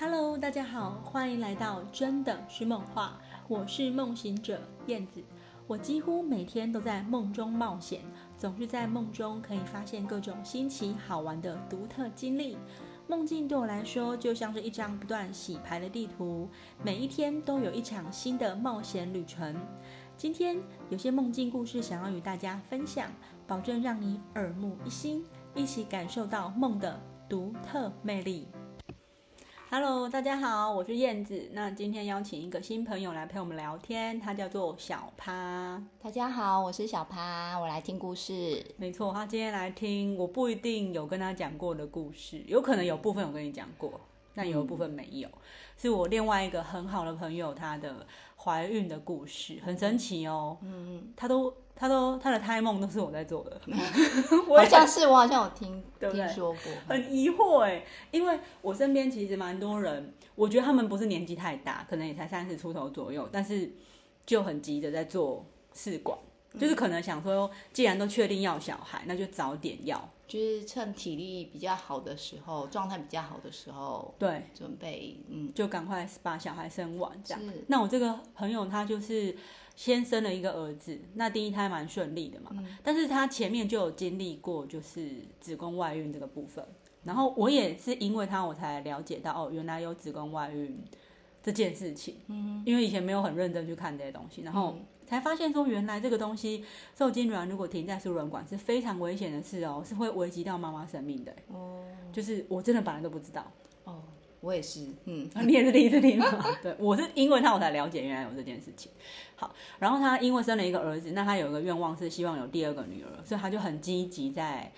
Hello，大家好，歡迎來到真的是夢話。我是夢行者燕子。我幾乎每天都在夢中冒險，總是在夢中可以發現各種新奇好玩的獨特經歷。夢境對我來說就像是一張不斷洗牌的地圖，每一天都有一場新的冒險旅程。今天有些夢境故事想要與大家分享，保證讓你耳目一新，一起感受到夢的獨特魅力。Hello，大家好，我是燕子。那今天邀請一個新朋友來陪我們聊天，他叫做小趴。大家好，我是小趴，我來聽故事。沒錯，他今天來聽我不一定有跟他講過的故事，有可能有部分我跟你講過。但有一部分沒有，嗯、是我另外一個很好的朋友她的懷孕的故事，很神奇哦。嗯嗯，她都她都她的胎夢都是我在做的，我好像是我好像有聽，對不對，聽說過，很疑惑哎，嗯、因為我身邊其實蠻多人，我覺得他們不是年紀太大，可能也才三十出頭左右，但是就很急着在做試管，嗯、就是可能想說，既然都確定要小孩，那就早點要。就是趁體力比較好的時候，狀態比較好的時候，對，準備嗯，就趕快把小孩生完這樣。是那我這個朋友他就是先生了一個兒子，那第一胎蠻順利的嘛，嗯、但是他前面就有經歷過就是子宮外孕這個部分，然後我也是因為他我才了解到，嗯、哦，原來有子宮外孕這件事情，嗯，因為以前沒有很認真去看這些東西，然後，嗯。才發現說，原來這個東西受精卵如果停在輸卵管是非常危險的事哦、喔，是會危及到媽媽生命的、欸。哦、嗯，就是我真的本來都不知道。哦，我也是，嗯，啊、你也是第一次聽嗎？ 對，我是因為他我才了解原來有這件事情。好，然後他因為生了一個兒子，那他有一個願望是希望有第二個女兒，所以他就很積極在。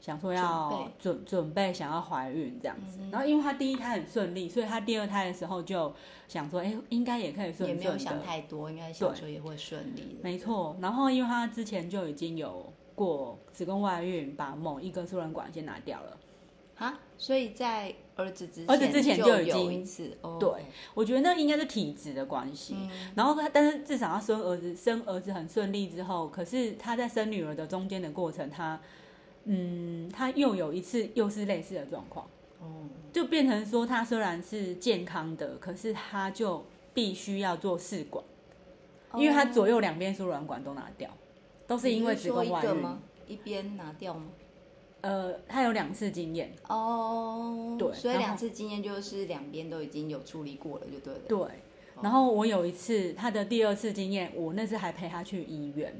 想說要準準備想要懷孕這樣子，然後因為他第一胎很順利，所以他第二胎的時候就想說，哎，應該也可以順利。也沒有想太多，應該想說也會順利、嗯。沒錯，然後因為他之前就已經有過子宮外孕，把某一根輸卵管先拿掉了、啊、所以在兒子之前，兒子之前就已經對，我覺得那應該是體質的關係。嗯、然後他，但是至少他生兒子，生兒子很順利之後，可是他在生女兒的中間的過程他。嗯，他又有一次又是類似的狀況，嗯、就變成說他雖然是健康的，可是他就必須要做試管，哦、因為他左右兩邊輸卵管都拿掉，都是因為子宮外孕。說一個嗎？一邊拿掉嗎？呃，他有兩次經驗哦，對，所以兩次經驗就是兩邊都已經有處理過了，就對了。對，然後我有一次他的第二次經驗，我那次還陪他去醫院。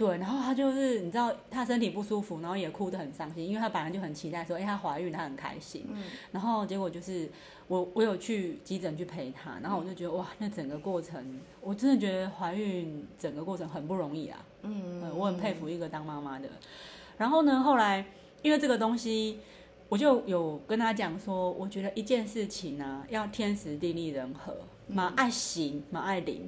對，然後她就是你知道她身體不舒服，然後也哭得很傷心，因為她本來就很期待說，哎，她懷孕，她很開心。嗯、然後結果就是我我有去急診去陪她，然後我就覺得哇，那整個過程我真的覺得懷孕整個過程很不容易啊。嗯，嗯，我很佩服一個當媽媽的。嗯、然後呢，後來因為這個東西，我就有跟她講說，我覺得一件事情呢、啊，要天時地利人和，嘛、嗯、愛行，嘛愛靈。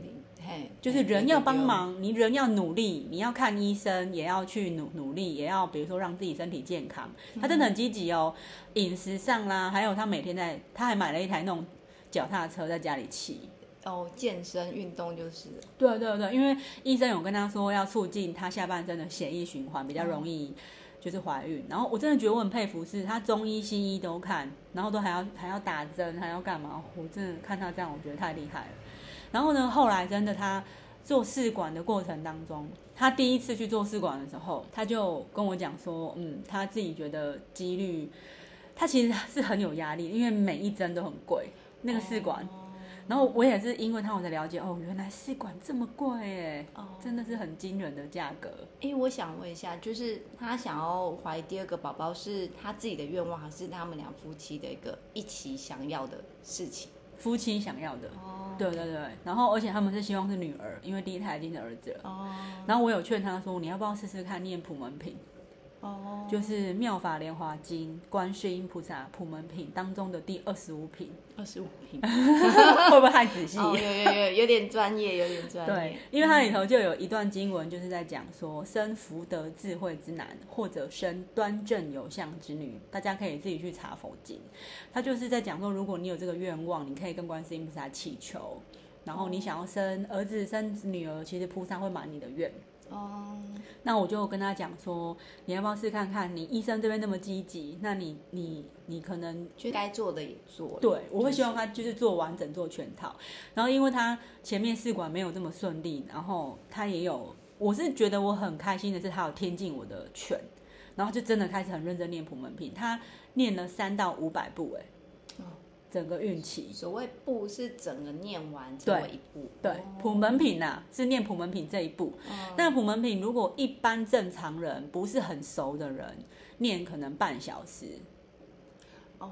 Hey, 就是人要幫忙，hey, 你人要努力，hey, 你要看醫生，也要去努努力，也要比如說讓自己身體健康。他真的很積極哦，嗯、飲食上啦，還有他每天在，他還買了一台那種腳踏車在家裡騎。哦，oh, 健身運動就是。對對對，因為醫生有跟他說要促進他下半身的血液循環，比較容易就是懷孕。嗯、然後我真的覺得我很佩服，是他中醫西醫都看，然後都還要還要打針，還要幹嘛？我真的看他這樣，我覺得太厲害了。然後呢，後來真的，他做試管的過程當中，他第一次去做試管的時候，他就跟我講說：“嗯，他自己覺得幾率，他其實是很有壓力，因為每一針都很貴，那個試管。哦”然後我也是因為他，我才了解哦，原來試管這麼貴哎、欸，哦、真的是很驚人的價格。哎，我想問一下，就是他想要懷第二個寶寶，是他自己的願望，還是他們兩夫妻的一個一起想要的事情？夫妻想要的，哦、對對對，然後而且他們是希望是女兒，因為第一胎已經是兒子了。哦、然後我有勸他說，你要不要試試看念普門品？哦，oh. 就是《妙法蓮華經》觀世音菩薩普門品當中的第二十五品。二十五品 會不會太仔細？Oh, 有有有，有點專業，有點專業。對，因為它裡頭就有一段經文，就是在講說、嗯、生福德智慧之男，或者生端正有相之女。大家可以自己去查佛經，它就是在講說，如果你有這個願望，你可以跟觀世音菩薩祈求，然後你想要生兒子、生女兒，其實菩薩會滿你的願。哦，um, 那我就跟他講說，你要不要試看看？你醫生這邊那麼積極，那你、你、你可能該做的也做了。對，我會希望他就是做完整、做全套。就是、然後，因為他前面試管沒有這麼順利，然後他也有，我是覺得我很開心的是，他有聽進我的勸，然後就真的開始很認真念普門品，他念了三到五百部、欸，哎。整個孕期，所謂步是整個念完，這一步。對。對，普門品吶、啊，哦、是念普門品這一步。那、哦、普門品如果一般正常人不是很熟的人，念可能半小時。哦，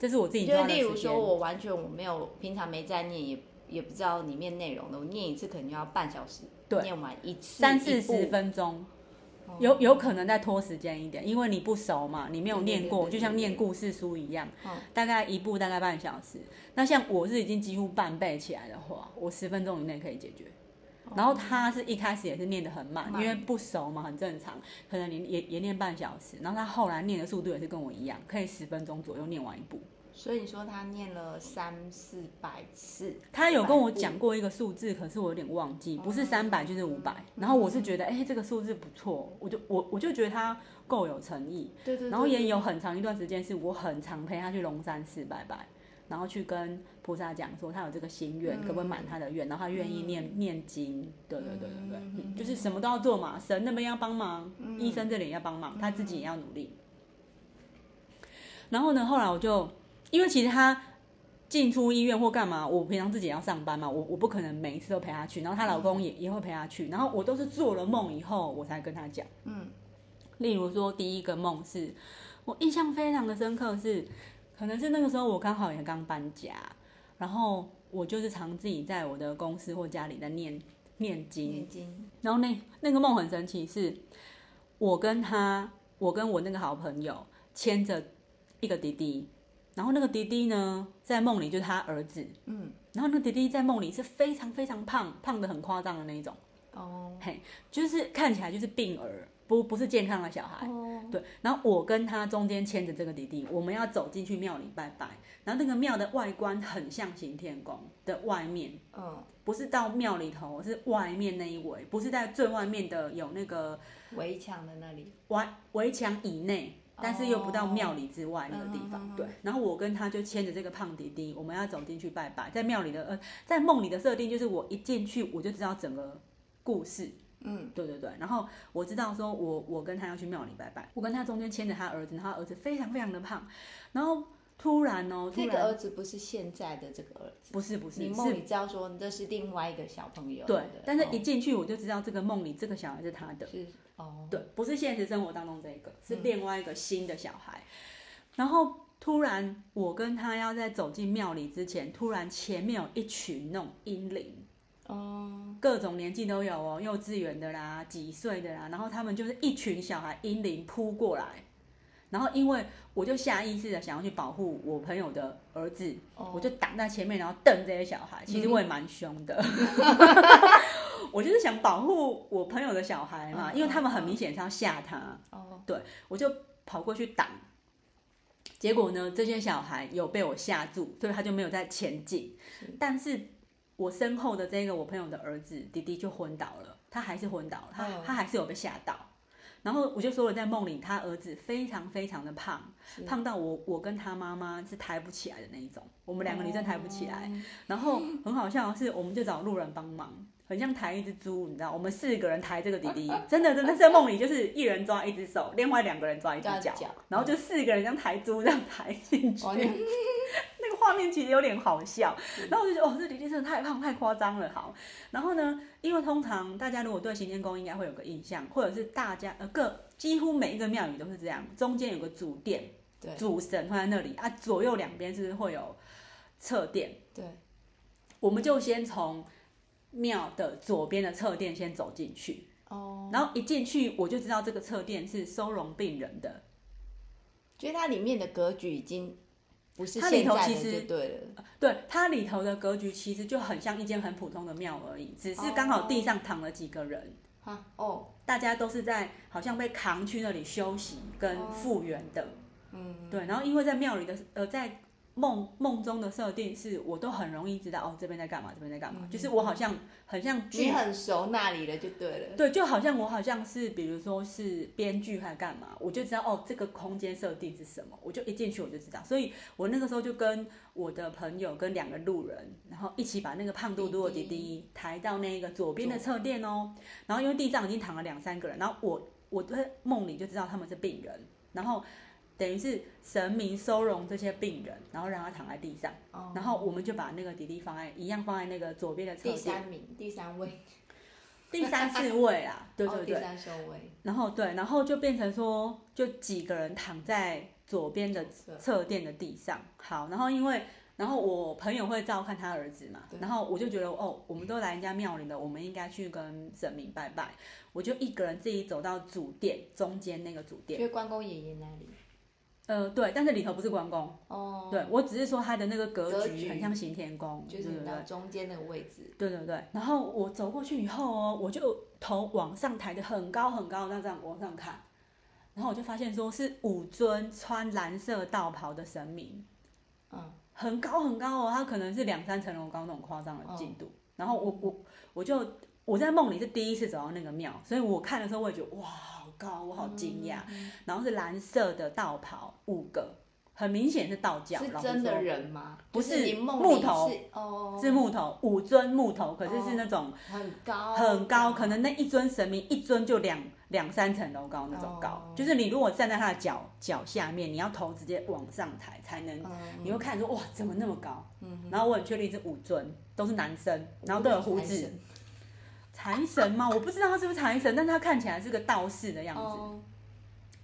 這是我自己的。就例如說，我完全我沒有平常沒在念，也也不知道裡面內容的，我念一次可能就要半小時，對念完一次一三四十分鐘。有有可能再拖時間一點，因為你不熟嘛，你沒有念過，就像念故事書一樣，大概一部大概半小時。那像我是已經幾乎半背起來的話，我十分鐘以內可以解決。然後他是一開始也是念得很慢，因為不熟嘛，很正常，可能你也也念半小時。然後他後來念的速度也是跟我一樣，可以十分鐘左右念完一部。所以你說他念了三四百次，他有跟我講過一個數字，可是我有點忘記，不是三百就是五百，嗯。然後我是覺得，哎，這個數字不錯，我就我我就覺得他夠有誠意。對對對對，然後也有很長一段時間，是我很常陪他去龍山寺拜拜，然後去跟菩薩講說他有這個心願，嗯，可不可以滿他的願？然後他願意念，嗯，念經。對對對對對，嗯，就是什麼都要做嘛，神那邊要幫忙，嗯，醫生這裡要幫忙，他自己也要努力。然後呢，後來我就。因為其實她進出醫院或幹嘛，我平常自己也要上班嘛，我我不可能每一次都陪她去。然後她老公也也會陪她去。然後我都是做了夢以後，我才跟她講。嗯，例如說第一個夢是，我印象非常的深刻是，是可能是那個時候我剛好也剛搬家，然後我就是常自己在我的公司或家裡在念念經。念經，然後那那個夢很神奇，是，我跟她，我跟我那個好朋友牽着一個弟弟。然後那個弟弟呢，在夢裡就是他兒子。嗯。然後那個弟弟在夢裡是非常非常胖，胖得很誇張的那一種。哦。嘿，就是看起來就是病兒，不不是健康的小孩。哦。對。然後我跟他中間牽着這個弟弟，我們要走進去廟裡拜拜。然後那個廟的外觀很像行天宮的外面。哦。不是到廟裡頭，是外面那一圍，不是在最外面的有那個圍牆的那裡，圍圍牆以內。但是又不到廟裡之外，oh, 那個地方，嗯、哼哼對。然後我跟他就牽着這個胖弟弟，我們要走進去拜拜。在廟裡的呃，在夢裡的設定就是我一進去我就知道整個故事，嗯，對對對。然後我知道說我我跟他要去廟裡拜拜，我跟他中間牽着他兒子，他兒子非常非常的胖。然後突然哦，喔，這個兒子不是現在的這個兒子，不是不是，你夢裡知道說你這是另外一個小朋友，對，是對。但是一進去我就知道這個夢裡這個小孩是他的。是對，不是現實生活當中這個，是另外一個新的小孩。嗯、然後突然，我跟他要在走進廟裡之前，突然前面有一群那種嬰靈，哦、各種年紀都有哦，幼稚園的啦，幾歲的啦。然後他們就是一群小孩嬰靈撲過來，然後因為我就下意識的想要去保護我朋友的兒子，哦、我就擋在前面，然後瞪這些小孩。其實我也蠻凶的。嗯 我就是想保護我朋友的小孩嘛，嗯、因為他們很明顯是要嚇他，嗯、對，嗯、我就跑過去擋。結果呢，這些小孩有被我嚇住，所以他就沒有在前進。是但是，我身後的這個我朋友的兒子弟弟就昏倒了，他還是昏倒了，他，他還是有被嚇倒。嗯、然後我就說了在夢，在夢裡他兒子非常非常的胖，是胖到我我跟他媽媽是抬不起來的那一種，我們兩個女生抬不起來。嗯、然後很好笑的是我們就找路人幫忙。很像抬一隻豬，你知道，我們四個人抬這個弟弟，真的，真的是夢裡就是一人抓一隻手，另外兩個人抓一隻腳，然後就四個人像抬豬這樣抬進去。 那個畫面其實有點好笑，然後我就覺得哦，這弟弟真的太胖太誇張了，好。然後呢，因為通常大家如果對行天宮應該會有個印象，或者是大家呃各幾乎每一個廟宇都是這樣，中間有個主殿，對，主神放在那裡啊，左右兩邊是不是會有側殿，對。我們就先從。廟的左邊的側殿先走進去，哦，oh. 然後一進去我就知道這個側殿是收容病人的，覺得它裡面的格局已經不是現在它裡頭其實對了，對它裡頭的格局其實就很像一間很普通的廟而已，只是剛好地上躺了幾個人，oh. 大家都是在好像被扛去那裡休息跟復原的，oh. mm hmm. 對，然後因為在廟裡的呃在。夢夢中的設定是我都很容易知道哦，這邊在幹嘛，這邊在幹嘛，嗯、就是我好像很像你很熟那裡的就對了，對，就好像我好像是，比如說是編劇還幹嘛，我就知道哦，這個空間設定是什麼，我就一進去我就知道，所以我那個時候就跟我的朋友跟兩個路人，然後一起把那個胖嘟嘟的弟弟抬到那個左邊的側墊哦，然後因為地上已經躺了兩三個人，然後我我在夢裡就知道他們是病人，然後。等於是神明收容這些病人，然後讓他躺在地上，哦、然後我們就把那個弟弟放在一樣放在那個左邊的側殿。第三名，第三位，第三四位啊， 對對對、哦，第三位。然後對，然後就變成說，就幾個人躺在左邊的側殿的地上。好，然後因為，然後我朋友會照看他兒子嘛，對然後我就覺得哦，我們都來人家廟裡了，我們應該去跟神明拜拜。我就一個人自己走到主殿中間那個主殿，就關公爺爺那裡。呃，對，但是裡頭不是關公。哦，對，我只是說他的那個格局很像行天宮，局對對就是中間那個位置。對對對，然後我走過去以後哦，我就頭往上抬的很高很高，那這樣往上看，然後我就發現說是五尊穿藍色道袍的神明，嗯，很高很高哦，他可能是兩三層樓高那種誇張的進度。哦、然後我我我就我在夢裡是第一次走到那個廟，所以我看的時候我也覺得哇。高，我好驚訝。嗯、然後是藍色的道袍，五個，很明顯是道教。是真的人嗎？不是木頭，是，是，哦、是木頭，五尊木頭，可是是那種很高，哦，很高，很高，高，可能那一尊神明一尊就兩兩三層樓高那種高。哦、就是你如果站在他的腳腳下面，你要頭直接往上抬才能，嗯、你會看出哇怎麼那麼高。嗯嗯嗯、然後我很確定這五尊，都是男生，然後都有鬍子。財神嗎？我不知道他是不是財神，但是他看起來是個道士的樣子。Oh.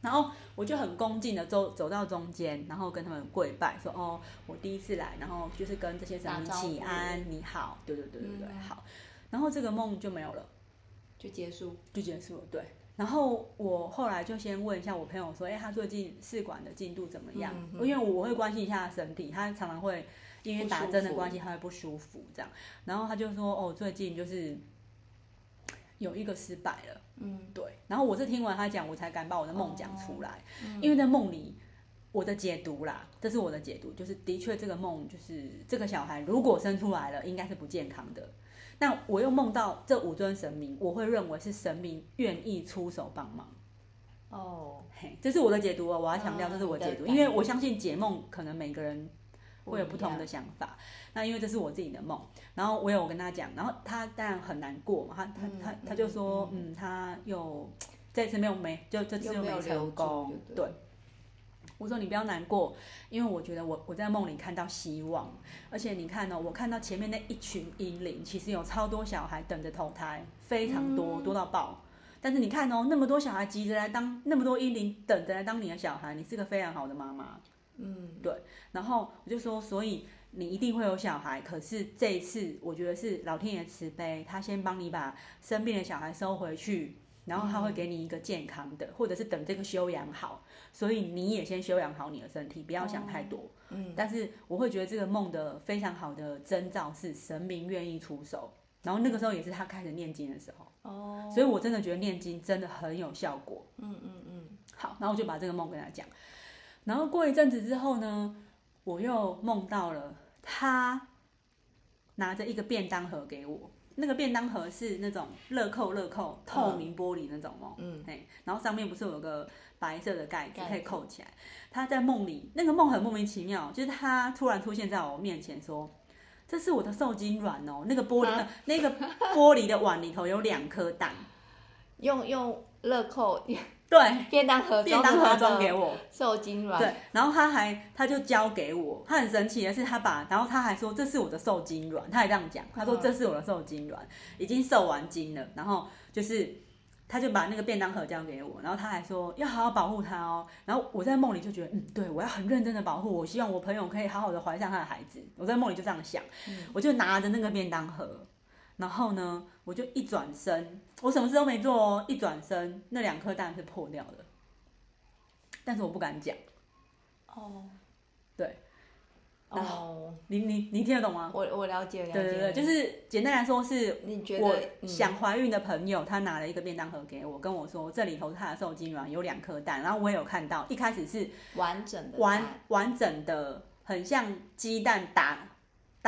然後我就很恭敬的走走到中間，然後跟他們跪拜，說：“哦，我第一次來，然後就是跟這些神明請安你好。”對對對對對，嗯、好。然後這個夢就沒有了，就結束，就結束了。對。然後我後來就先問一下我朋友說：“哎，他最近試管的進度怎麼樣？”嗯嗯、因為我會關心一下他身體，他常常會因為打針的關係他會不舒，不舒服這樣。然後他就說：“哦，最近就是。”有一個失敗了，嗯，對，然後我是聽完他講，我才敢把我的夢講出來，哦，因為在夢裡，我的解讀啦，這是我的解讀，就是的確這個夢就是這個小孩如果生出來了，應該是不健康的。那我又夢到這五尊神明，我會認為是神明願意出手幫忙。哦，嘿，這是我的解讀啊，我要強調這是我的解讀，哦，因為我相信解夢可能每個人會有不同的想法，oh, yeah. 那因為這是我自己的夢，然後我有跟他講，然後他當然很難過嘛，他、嗯、他他他就說，嗯、嗯，他又這次沒有沒就這次又沒有成功，留對，對。我說你不要難過，因為我覺得我我在夢裡看到希望，而且你看哦、喔，我看到前面那一群嬰靈，其實有超多小孩等着投胎，非常多，多到爆，嗯、但是你看哦、喔，那麼多小孩急着來當，那麼多嬰靈等着來當你的小孩，你是個非常好的媽媽。嗯，對，然後我就說，所以你一定會有小孩，可是這一次我覺得是老天爺慈悲，他先幫你把生病的小孩收回去，然後他會給你一個健康的，嗯、或者是等這個休養好，所以你也先休養好你的身體，不要想太多。嗯，嗯但是我會覺得這個夢的非常好的徵兆是神明願意出手，然後那個時候也是他開始念經的時候。哦，所以我真的覺得念經真的很有效果。嗯嗯嗯，嗯嗯好，然後我就把這個夢跟他講。然後過一陣子之後呢，我又夢到了他拿着一個便當盒給我，那個便當盒是那種樂扣樂扣透明玻璃那種哦，嗯，然後上面不是有個白色的蓋子可以扣起來。他在夢裡，那個夢很莫名其妙，就是他突然出現在我面前說：“這是我的受精卵哦，那個玻璃，啊，那，那個玻璃的碗裡頭有兩顆蛋，用用樂扣。”對，便當盒裝給我受精卵，對，然後他還他就交給我，他很神奇的是他把，然後他還說這是我的受精卵，他還這樣講，他說，這是我的受精卵，嗯、已經受完精了，然後就是他就把那個便當盒交給我，然後他還說要好好保護他哦，然後我在夢裡就覺得，嗯，對我要很認真的保護，我希望我朋友可以好好的懷上他的孩子，我在夢裡就這樣想，嗯、我就拿着那個便當盒。然後呢，我就一轉身，我什麼事都沒做哦，一轉身那兩顆蛋是破掉的，但是我不敢講哦，對，哦，你你你聽得懂嗎？我我了解，我了解，對對對，就是簡單來說是，你覺得我想懷孕的朋友、嗯、他拿了一個便當盒給我，跟我說這裡頭他的受精卵有兩顆蛋，然後我也有看到，一開始是完，完整的完完整的，很像雞蛋打。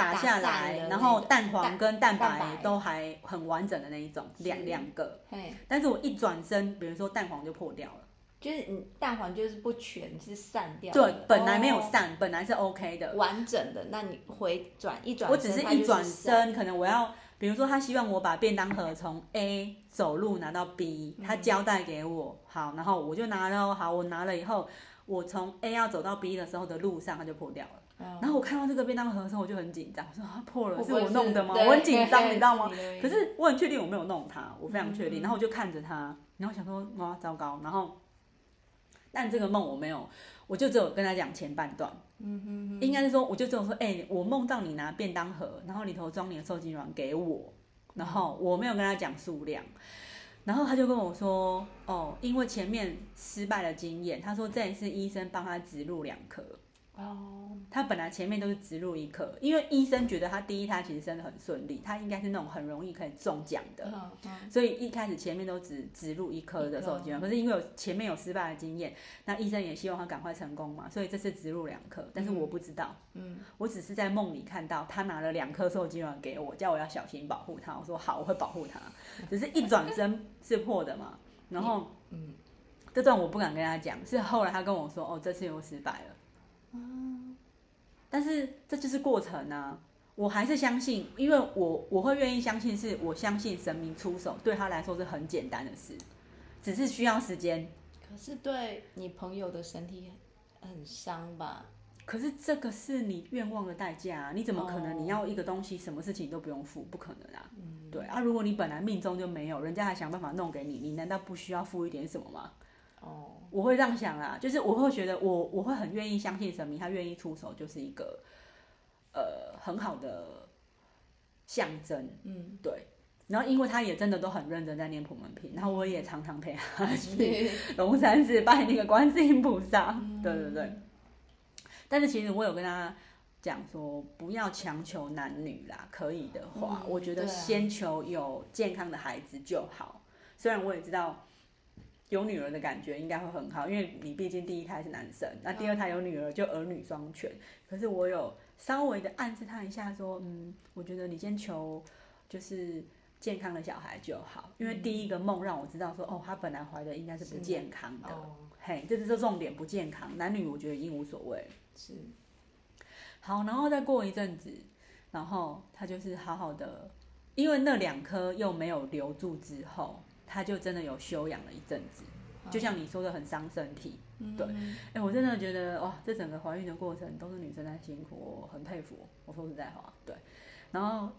打下來，然後蛋黃跟蛋白都還很完整的那一種，白兩是兩個。嘿但是，我一轉身，比如說蛋黃就破掉了，就是你蛋黃就是不全，是散掉。對，本來沒有散，哦、本來是 OK 的，完整的。那你回轉一轉身，我只是一轉身，可能我要，比如說他希望我把便當盒從 A 走路拿到 B，、嗯、他交代給我，好，然後我就拿了、哦。好，我拿了以後。我從 A 要走到 B 的時候的路上，它就破掉了。然後我看到這個便當盒的時候，我就很緊張，我說它破了，是我弄的嗎？我很緊張，你知道嗎？可是我很確定我沒有弄它，我非常確定。然後我就看着它，然後想說哇、啊、糟糕。然後，但這個夢我沒有，我就只有跟他講前半段。嗯哼，應該是說，我就只有說，哎，我夢到你拿便當盒，然後裡頭裝你的受精卵給我，然後我沒有跟他講數量。然後他就跟我說：“哦，因為前面失敗的經驗，他說這也是醫生幫他植入兩顆。”哦，Wow. 他本來前面都是植入一顆，因為醫生覺得他第一胎其實生的很順利，他應該是那種很容易可以中獎的，Okay. 所以一開始前面都只植入一顆的受精卵。Okay. 可是因為有前面有失敗的經驗，那醫生也希望他趕快成功嘛，所以這次植入兩顆。但是我不知道，嗯，嗯我只是在夢裡看到他拿了兩顆受精卵給我，叫我要小心保護他。我說好，我會保護他。只是一轉身是破的嘛，然後嗯，這段我不敢跟他講，是後來他跟我說哦，這次又失敗了。嗯，但是這就是過程呢、啊。我還是相信，因為我我會願意相信，是我相信神明出手，對他來說是很簡單的事，只是需要時間。可是對你朋友的身體很，很傷吧？可是這個是你願望的代價啊！你怎麼可能你要一個東西，什麼事情都不用付？不可能啊！嗯，對啊，如果你本來命中就沒有，人家還想辦法弄給你，你難道不需要付一點什麼嗎？哦，oh. 我會這樣想啦，就是我會覺得我我會很願意相信神明，他願意出手就是一個呃很好的象徵，嗯，對。然後因為他也真的都很認真在念普門品，然後我也常常陪他去龍山寺拜那個觀世音菩薩，嗯、對對對。但是其實我有跟他講說，不要強求男女啦，可以的話，嗯、我覺得先求有健康的孩子就好。啊、雖然我也知道。有女兒的感覺應該會很好，因為你畢竟第一胎是男生，那第二胎有女兒就兒女雙全。可是我有稍微的暗示他一下，說，嗯，嗯，我覺得你先求就是健康的小孩就好，因為第一個夢讓我知道說，哦，他本來懷的應該是不健康的。嘿，Oh. Hey, 這只是重點，不健康，男女我覺得已經無所謂。是，好，然後再過一陣子，然後他就是好好的，因為那兩顆又沒有留住之後。她就真的有休養了一陣子，Wow. 就像你說的很傷身體，對，哎、mm hmm. 欸，我真的覺得哇，這整個懷孕的過程都是女生在辛苦，我很佩服。我說實在話，對。然後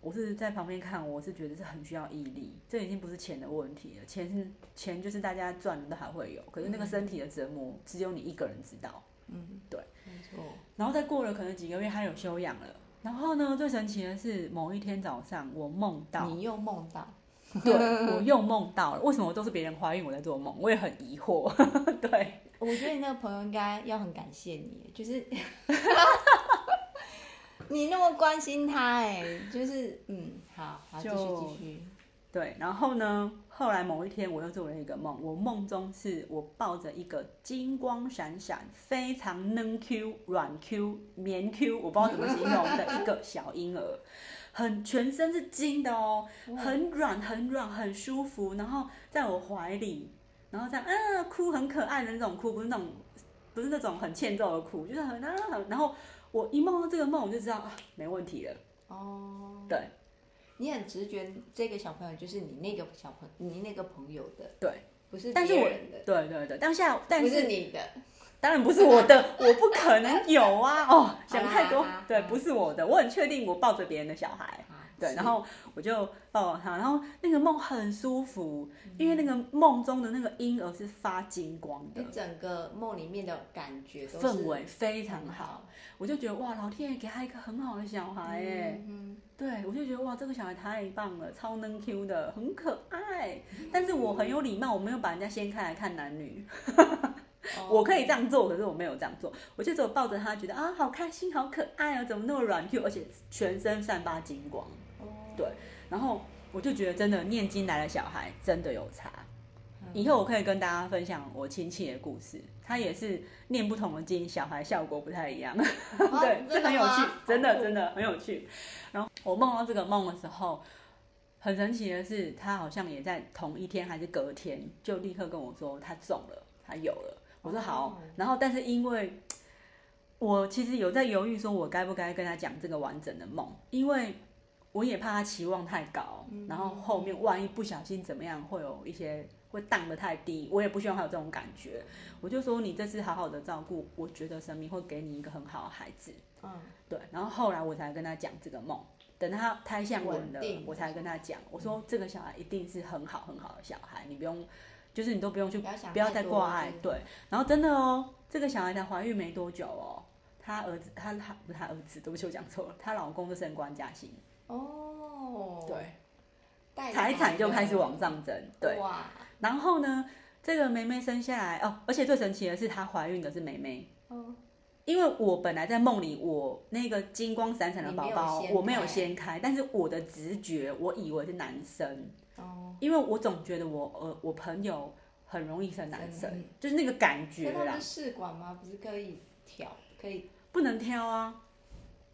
我是在旁邊看，我是覺得是很需要毅力，這已經不是錢的問題了，錢是錢就是大家賺的都還會有，可是那個身體的折磨只有你一個人知道，嗯、mm，hmm. 對，沒錯錯。然後再過了可能幾個月，她有休養了。然後呢，最神奇的是某一天早上我夢，我夢到你又夢到。對，我又夢到了，為什麼都是別人懷孕我在做夢？我也很疑惑。對，我覺得你那個朋友應該要很感謝你，就是 你那麼關心他，哎，就是嗯，好好繼續繼續。就繼續對，然後呢，後來某一天我又做了一個夢，我夢中是我抱着一個金光閃閃、非常嫩 Q、軟 Q、綿 Q，我不知道怎麼形容的一個小嬰兒。 很全身是金的哦，很軟很軟很舒服，然後在我懷裡，然後在嗯、啊、哭，很可愛的那種哭，不是那種，不是那種很欠揍的哭，就是很、啊啊、然後我一夢到這個夢，我就知道啊，沒問題了哦。對，你很直覺，這個小朋友就是你那個小朋，你那個朋友的，對。不是，但是我對對對，當下但是不是你的，當然不是我的， 我不可能有啊！ 哦，想太多， 對，不是我的， 我很確定，我抱着別人的小孩。對，然後我就抱抱他，然後那個夢很舒服，嗯、因為那個夢中的那個嬰兒是發金光的，整個夢裡面的感覺氛圍非常好，好，我就覺得哇，老天爺給他一個很好的小孩哎，嗯、哼對，我就覺得哇，這個小孩太棒了，超嫩 Q 的，很可愛，是但是我很有禮貌，我沒有把人家掀開來看男女， oh, 我可以這樣做，可是我沒有這樣做，我就只有抱着他，覺得啊，好開心，好可愛哦，啊，怎麼那麼軟 Q，而且全身散發金光。對，然後我就覺得真的念經來的小孩真的有差，嗯、以後我可以跟大家分享我親戚的故事，他也是念不同的經，小孩效果不太一樣。啊、 對，這很有趣，真的真的很有趣。然後我夢到這個夢的時候，很神奇的是，他好像也在同一天還是隔天，就立刻跟我說他中了，他有了。我說好，然後但是因為，我其實有在猶豫，說我該不該跟他講這個完整的夢，因為。我也怕他期望太高，嗯、然後後面萬一不小心怎麼樣，會有一些會盪得太低。嗯、我也不希望他有這種感覺。我就說你這次好好的照顧，我覺得神明會給你一個很好的孩子。嗯，對。然後後來我才跟他講這個夢，等他胎相穩了，穩定我才跟他講，我說這個小孩一定是很好很好的小孩，嗯、你不用，就是你都不用去要不要再掛礙。嗯、對。然後真的哦，這個小孩才懷孕沒多久哦，他兒子，他她不她兒子，對不起我講錯了，她老公是升官加薪。哦，oh, 對，財產就開始往上增，對。哇。Wow. 然後呢，這個妹妹生下來哦，而且最神奇的是，她懷孕的是妹妹。哦。Oh. 因為我本來在夢裡，我那個金光閃閃的寶寶，沒我沒有掀開，但是我的直覺，我以為是男生。哦。Oh. 因為我總覺得我呃，我朋友很容易生男生，真的，就是那個感覺啦。他試管嗎？不是可以挑？可以？不能挑啊！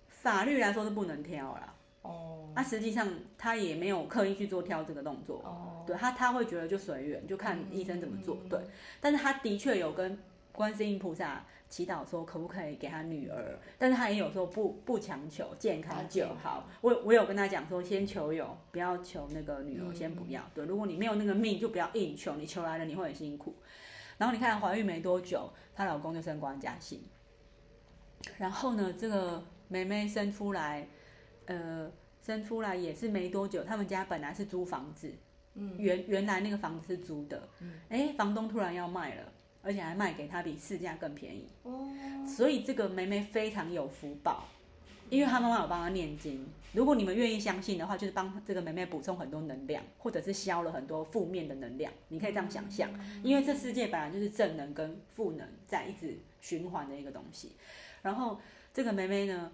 法律來說是不能挑啦。哦，那、啊、實際上他也沒有刻意去做挑這個動作，oh. 對他他會覺得就隨緣，就看醫生怎麼做。對，但是他的確有跟觀世音菩薩祈禱說，可不可以給他女兒？但是他也有說不不強求，健康就好。我我有跟他講說，先求有，不要求那個女兒，先不要。對，如果你沒有那個命，就不要硬求，你求來了你會很辛苦。然後你看懷孕沒多久，她老公就升官加薪，然後呢，這個妹妹生出來。呃，生出來也是沒多久，他們家本來是租房子，嗯，原原來那個房子是租的，嗯，哎，欸，房東突然要賣了，而且還賣給他比市價更便宜，哦，所以這個妹妹非常有福報，因為她媽媽有幫她念經。如果你們願意相信的話，就是幫這個妹妹補充很多能量，或者是消了很多負面的能量。你可以這樣想象，嗯，因為這世界本來就是正能跟負能在一直循環的一個東西。然後這個妹妹呢，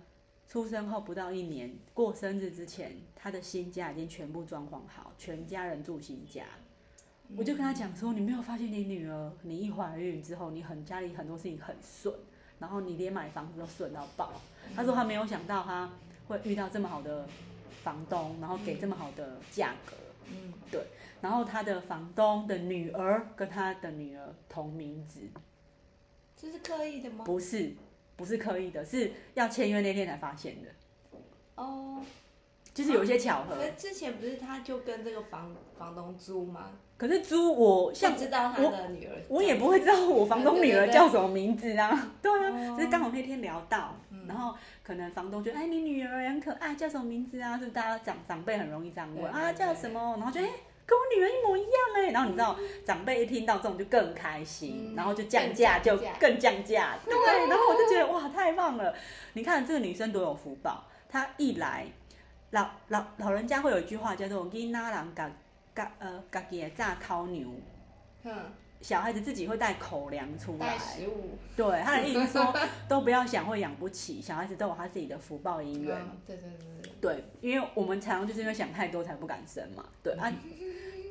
出生後不到一年，過生日之前，他的新家已經全部裝潢好，全家人住新家。我就跟他講說：“你沒有發現你女兒，你一懷孕之後，你很家裡很多事情很順，然後你連買房子都順到爆。”他說他沒有想到他會遇到這麼好的房東，然後給這麼好的價格。嗯，對。然後他的房東的女兒跟他的女兒同名字，這是刻意的嗎？不是。不是刻意的，是要簽約那天才發現的。哦，oh, 就是有一些巧合。啊、之前不是他就跟這個房房東租嗎？可是租我,像我不知道他的女兒，我,對我也不會知道我房東女兒叫什麼名字啊。對,對,對,對, 對啊，oh. 就是剛好那天聊到，然後可能房東覺得哎，你女兒很可愛，叫什麼名字啊？是不是大家長長輩很容易這樣問啊？對叫什麼？然後就哎。跟我女兒一模一樣，欸、然後你知道，嗯、長輩一聽到這種就更開心，嗯、然後就降價，更加就更降價，嗯、對。嗯、然後我就覺得哇，哇哇太棒了！你看這個女生多有福報，她一來，老老老人家會有一句話叫做“金拉人家，家嘎呃嘎吉的大頭牛”，嗯小孩子自己會帶口糧出來，對，他的意思說 都不要想會養不起，小孩子都有他自己的福報姻緣、嗯，對對對，對，因為我們常常就是因為想太多才不敢生嘛，對、嗯啊、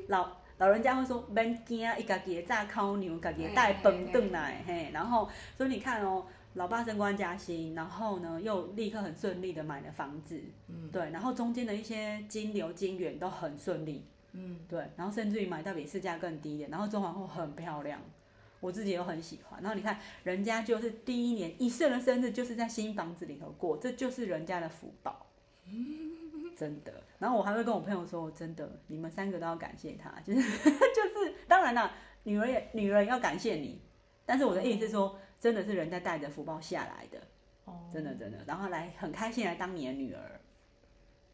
老老人家會說別驚，一家姐炸烤牛，一家姐帶崩燉奶，嘿，嘿，嘿，嘿，然後所以你看哦，老爸升官加薪，然後呢又立刻很順利的買了房子，嗯、對，然後中間的一些金流金源都很順利。嗯，對，然後甚至於買到比市價更低一點，然後裝潢後很漂亮，我自己又很喜歡。然後你看，人家就是第一年，一歲的生日就是在新房子裡頭過，這就是人家的福報，真的。然後我還會跟我朋友說，真的，你們三個都要感謝他，就是就是，當然啦，女兒也女兒也要感謝你，但是我的意思是說，哦、真的是人家帶着福報下來的，真的真的，然後來很開心來當你的女兒。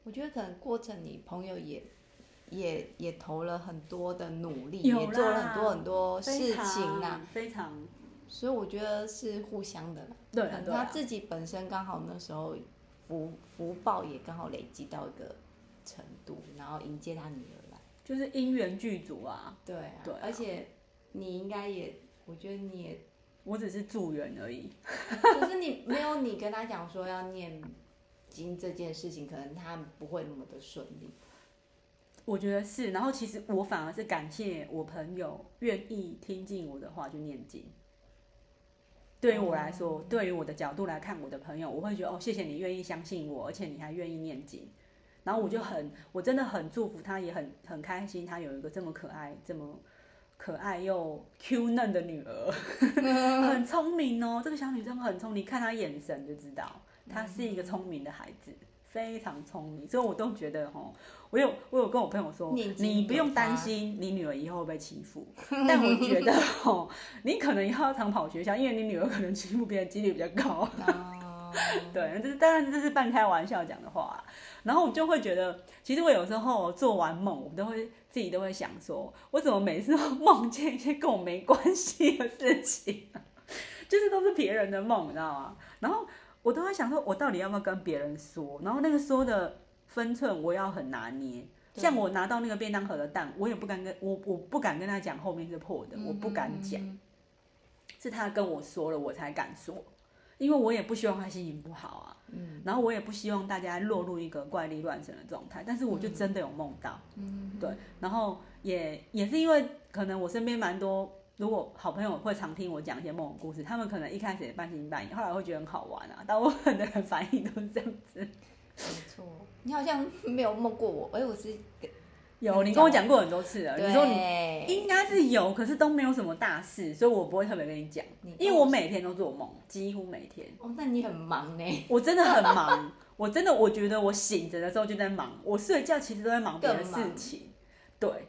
我覺得可能過程，你朋友也。也也投了很多的努力，啦也做了很多很多事情啊，非常。非常所以我覺得是互相的對啦他自己本身剛好那時候福啦福報也剛好累積到一個程度，然後迎接他女兒來，就是因緣具足啊。對啊對啦。而且你應該也，我覺得你也，我只是助緣而已。可 是你沒有你跟他講說要念經這件事情，可能他不會那麼的順利。我覺得是，然後其實我反而是感謝我朋友願意聽進我的話去念經。對於我來說，對於我的角度來看，我的朋友，我會覺得哦，謝謝你願意相信我，而且你還願意念經，然後我就很，我真的很祝福他，也很很開心他有一個這麼可愛、這麼可愛又 Q 嫩的女兒， 很聰明哦，這個小女生很聰明，看她眼神就知道，她是一個聰明的孩子，非常聰明，所以我都覺得哦……我有，我有跟我朋友說，你，你不用擔心你女兒以後會被欺負， 但我覺得哦、喔，你可能以後要常跑學校，因為你女兒可能欺負別人幾率比較高。啊、 對，這是當然，這是半開玩笑講的話、啊。然後我就會覺得，其實我有時候做完夢，我都會自己都會想說，我怎麼每次都夢見一些跟我沒關係的事情、啊，就是都是別人的夢，你知道嗎？然後我都會想說，我到底要不要跟別人說？然後那個說的。分寸我要很拿捏，對像我拿到那個便當盒的蛋，我也不敢跟我，我不敢跟他講後面是破的，嗯、我不敢講，嗯、是他跟我說了我才敢說，因為我也不希望他心情不好啊，嗯、然後我也不希望大家落入一個怪力亂神的狀態，嗯、但是我就真的有夢到，嗯、對，然後也，也是因為可能我身邊蠻多，如果好朋友會常聽我講一些夢的故事，他們可能一開始也半信半疑，後來會覺得很好玩啊，大部分的人反應都是這樣子。你好像沒有夢過我，哎、欸，我是有，你跟我講過很多次了。對你說你應該是有，可是都沒有什麼大事，所以我不會特別跟你講。因為我每天都做夢，幾乎每天。哦，那你很忙呢、欸。我真的很忙， 我真的，我覺得我醒着的時候就在忙，我睡覺其實都在忙別的事情。忙對。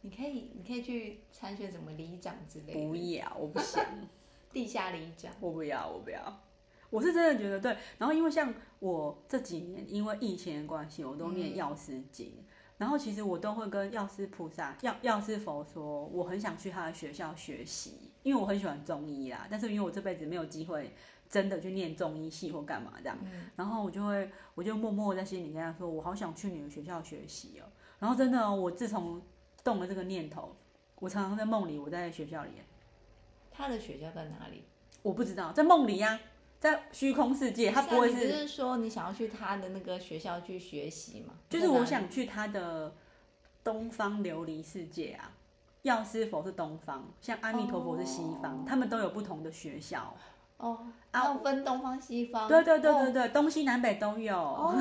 你可以，你可以去參選什麼里長之類的。不要，我不想。 地下里長我不要，我不要。我是真的覺得對，然後因為像我這幾年因為疫情的關係，我都念藥師經，嗯、然後其實我都會跟藥師菩薩、藥藥師佛說，我很想去他的學校學習，因為我很喜歡中醫啦。但是因為我這輩子沒有機會真的去念中醫系或幹嘛這樣，嗯、然後我就會我就默默在心裡跟他說，我好想去你的學校學習哦。然後真的、哦，我自從動了這個念頭，我常常在夢裡，我在學校裡、啊。他的學校在哪裡？我不知道，在夢裡呀、啊。在虛空世界，他不會是，不是說你想要去他的那個學校去學習嗎？就是我想去他的東方琉璃世界啊，藥師佛是東方，像阿彌陀佛是西方，哦、他們都有不同的學校哦。啊，分東方西方？對對對對對，哦、東西南北都有、哦、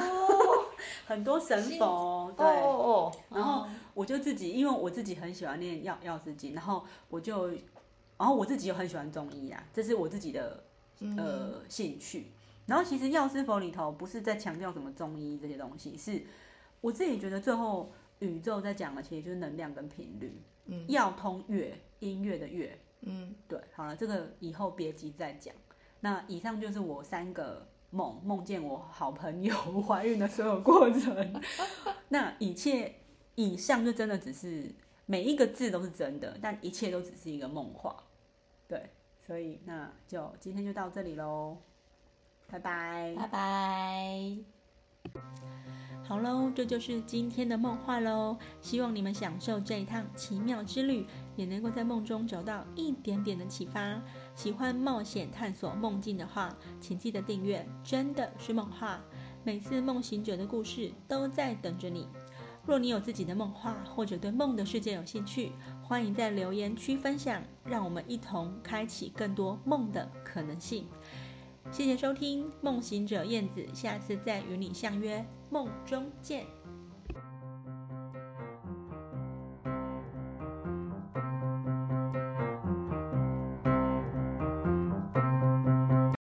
很多神佛西對哦。哦哦。然後我就自己，因為我自己很喜歡念藥藥師經，然後我就，然後我自己又很喜歡中醫啊，這是我自己的，呃，興趣。然後其實《藥師佛》裡頭不是在強調什麼中醫這些東西，是我自己覺得最後宇宙在講的，其實就是能量跟頻率。嗯，要通樂，音樂的樂。嗯，對，好了，這個以後別急再講。那以上就是我三個夢，夢見我好朋友懷孕的所有過程。 那一切以上就真的只是每一個字都是真的，但一切都只是一個夢話。對。所以，那就今天就到這裡嘍，拜拜，拜拜。好嘍，這就是今天的夢話嘍。希望你們享受這一趟奇妙之旅，也能夠在夢中找到一點點的啟發。喜歡冒險探索夢境的話，請記得訂閱，真的是夢話，每次夢行者的故事都在等着你。若你有自己的夢話，或者對夢的世界有興趣，歡迎在留言區分享，讓我們一同開啟更多夢的可能性。謝謝收聽《夢行者》燕子，下次再與你相約夢中見。